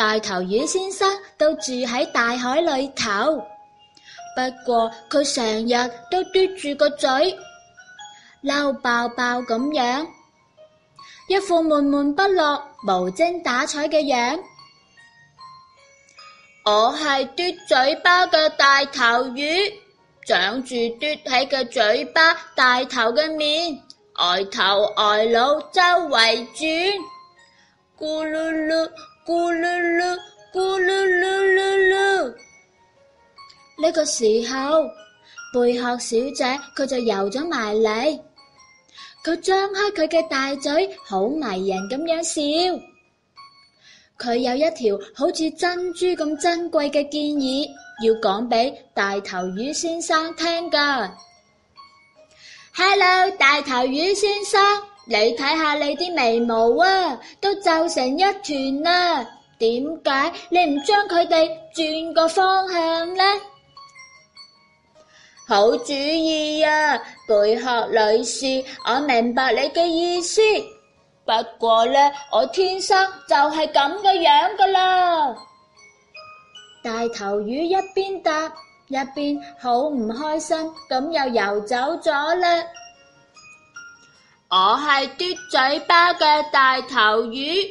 大頭魚先生都住喺大海裏頭，不過佢成日都嘟住個嘴，嬲爆爆咁樣，一副悶悶不樂、無精打采嘅樣。我係嘟嘴巴嘅大頭魚，長住嘟起嘅嘴巴，大頭嘅面，呆頭呆腦周圍轉。咕嚕嚕，咕嚕嚕，咕嚕嚕嚕嚕。呢個時候，貝殼小姐佢就游咗埋嚟，佢張開佢嘅大嘴，好迷人咁樣笑。佢有一條好似珍珠咁珍貴嘅建議要講俾大頭魚先生聽噶。Hello，大頭魚先生。你睇下你啲眉毛啊，都皺成一團啦，點解你唔將佢哋轉個方向呢？好主意啊，貝殼女士，我明白你嘅意思。不過呢，我天生就係咁嘅樣噶啦。大頭魚一邊答一邊好唔開心，咁又游走咗啦。我係嘟嘴巴嘅大頭魚，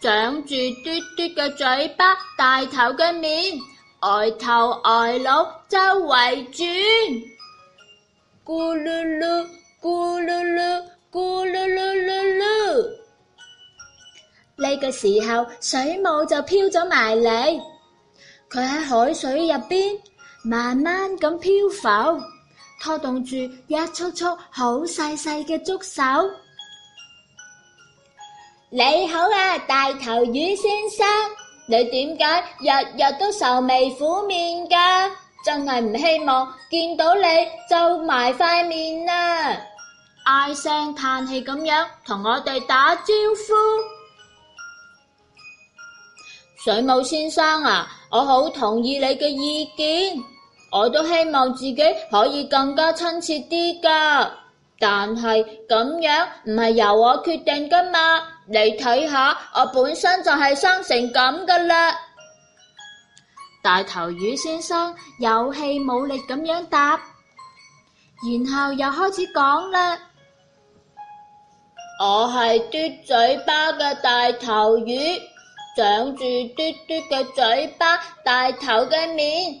長住嘟嘟嘅嘴巴，大頭嘅面，呆頭呆腦周圍轉，咕嚕嚕咕嚕嚕，嚕咕嚕嚕嚕嚕。呢個時候，水母就飄咗埋嚟，佢喺海水入邊慢慢咁漂浮。拖動住一束束好細細嘅觸手。你好啊，大頭魚先生，你點解日日都愁眉苦面噶？真係唔希望見到你皺埋塊面啦！唉聲嘆氣咁樣同我哋打招呼。水母先生啊，我好同意你嘅意見。我都希望自己可以更加親切啲噶，但係咁樣唔係由我決定噶嘛。你睇下，我本身就係生成咁噶啦。大頭魚先生有氣冇力咁樣答，然後又開始講啦：我係嘟嘴巴嘅大頭魚，長住嘟嘟嘅嘴巴，大頭嘅面。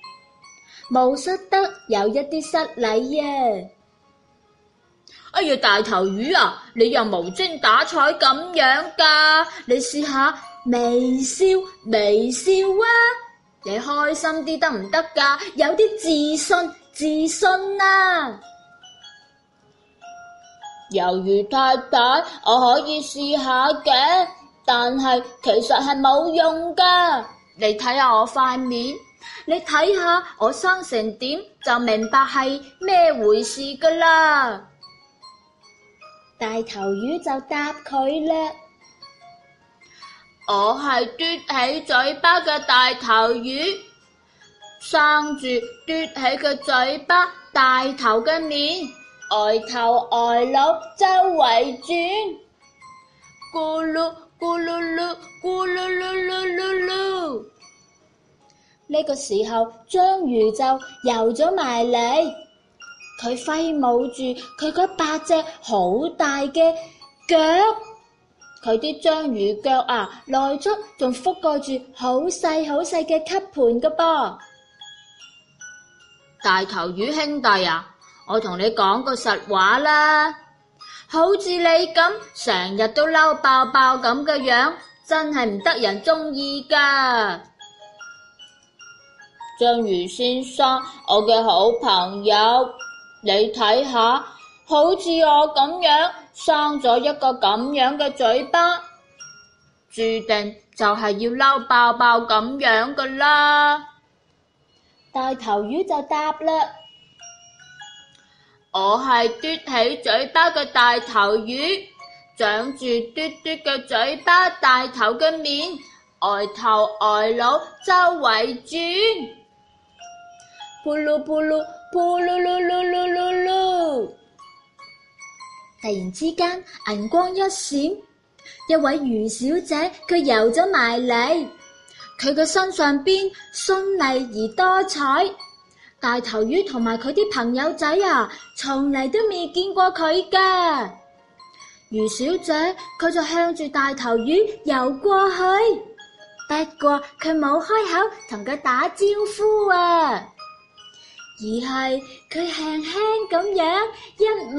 冇失得有一啲失禮耶，啊。哎呀，大頭魚啊，你又無精打采咁樣噶？你試下微笑微笑啊！你開心啲得唔得噶？有啲自信自信啊！魷魚，魚太太，我可以試下嘅，但係其實係冇用噶。你睇下我塊面。你睇下我生成點就明白係咩回事噶啦！大頭魚就答佢啦，我係嘟起嘴巴嘅大頭魚，生住嘟起個嘴巴，大頭嘅面，呆頭呆腦周圍轉，咕嚕咕嚕嚕咕嚕嚕嚕嚕嚕，嚕，嚕。呢個時候，章魚就游咗埋嚟，佢揮舞住佢嗰八隻好大嘅腳，佢啲章魚腳啊，內側仲覆蓋住好細好細嘅吸盤噶噃。大頭魚兄弟啊，我同你講個實話啦，好似你咁成日都嬲爆爆咁嘅樣，真係唔得人中意噶。章魚先生，我嘅好朋友，你睇下，好似我咁樣生咗一個咁樣嘅嘴巴，注定就係要嬲爆爆咁樣噶啦。大頭魚就答啦，我係嘟起嘴巴嘅大頭魚，長住嘟嘟嘅嘴巴，大頭嘅面，呆頭呆腦周圍轉。波嚕波嚕波嚕嚕嚕嚕嚕！突然之間，銀光一閃，一位魚小姐佢游咗埋嚟，佢個身上邊絢麗而多彩。大頭魚同埋佢啲朋友仔啊，從嚟都未見過佢噶。魚小姐佢就向住大頭魚游過去，不過佢冇開口同佢打招呼啊。而係佢輕輕咁樣一吻，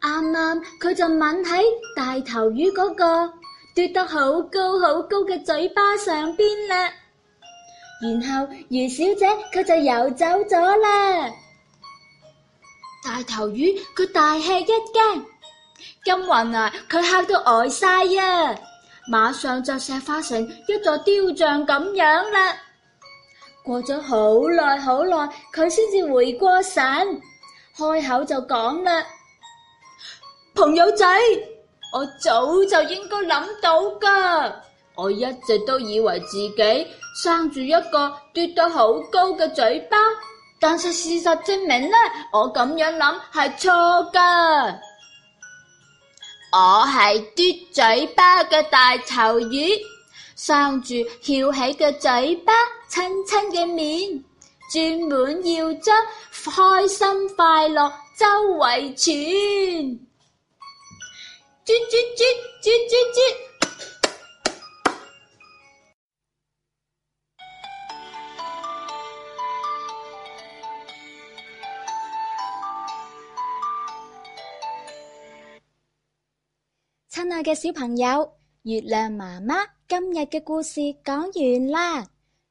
啱啱佢就吻喺大頭魚嗰個嘟得好高好高嘅嘴巴上邊啦。然後魚小姐佢就游走咗啦。大頭魚佢大吃一驚，金云啊佢嚇到呆晒啊，馬上就石化成一座雕像咁樣啦。過咗好耐，好耐，佢先至回過神，開口就講啦：朋友仔，我早就應該諗到噶，我一直都以為自己生住一個嘟得好高嘅嘴巴，但係事實證明咧，我咁樣諗係錯噶。我係嘟嘴巴嘅大頭魚，生住翹起嘅嘴巴。親親嘅面，專門要將開心快樂周圍轉。轉轉轉轉轉轉。親愛嘅小朋友，月亮媽媽今日嘅故事講完啦。